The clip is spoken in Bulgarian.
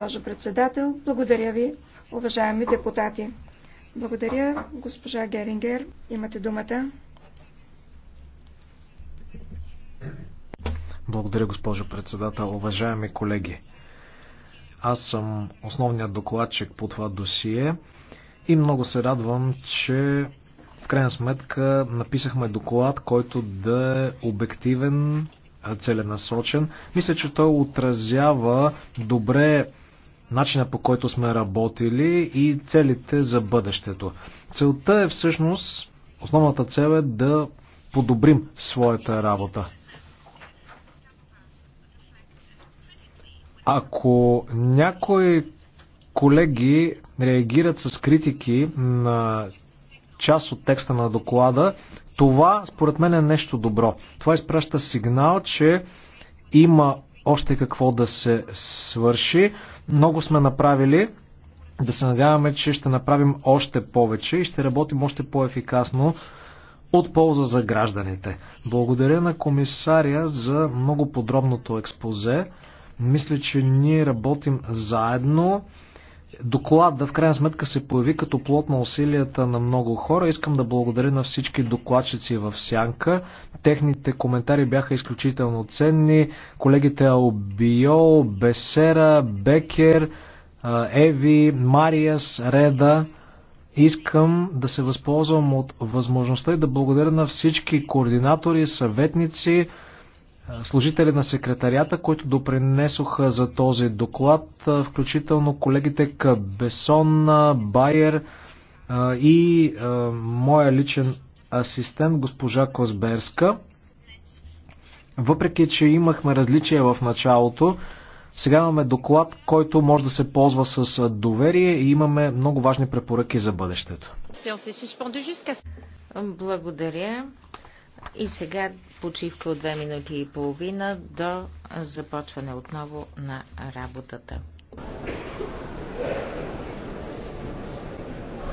Госпожо председател, благодаря ви, уважаеми депутати. Благодаря, госпожа Герингер. Имате думата. Благодаря, госпожо председател. Уважаеми колеги, аз съм основният докладчик по това досие и много се радвам, че в крайна сметка написахме доклад, който да е обективен, целенасочен. Мисля, че той отразява добре начина по който сме работили и целите за бъдещето. Целта е всъщност, основната цел е да подобрим своята работа. Ако някои колеги реагират с критики на част от текста на доклада, това според мен е нещо добро. Това изпраща сигнал, че има още какво да се свърши. Много сме направили. Да се надяваме, че ще направим още повече и ще работим още по-ефикасно от полза за гражданите. Благодаря на комисаря за много подробното експозе. Мисля, че ние работим заедно доклад да в крайна сметка се появи като плод на усилията на много хора. Искам да благодаря на всички докладчици в Сянка. Техните коментари бяха изключително ценни. Колегите Албио, Бесера, Бекер, Еви, Мариас, Реда. Искам да се възползвам от възможността и да благодаря на всички координатори, съветници, служители на секретарията, които допринесоха за този доклад, включително колегите Кабесон, Байер и моя личен асистент госпожа Козберска. Въпреки, че имахме различия в началото, сега имаме доклад, който може да се ползва с доверие и имаме много важни препоръки за бъдещето. Благодаря. И сега почивка от две минути и половина до започване отново на работата.